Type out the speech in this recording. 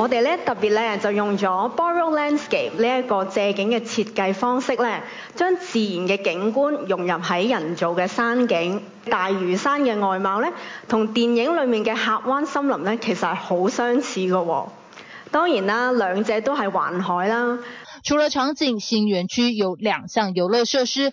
我哋特別呢就用咗 Borrow Landscape 呢一個借景嘅設計方式呢，將自然嘅景觀融入喺人造嘅山景。大嶼山嘅外貌呢，同電影裏面嘅峽灣森林呢其實係好相似嘅喎、哦。當然啦，兩者都係環海啦。除了場景，新園區有兩項遊樂設施。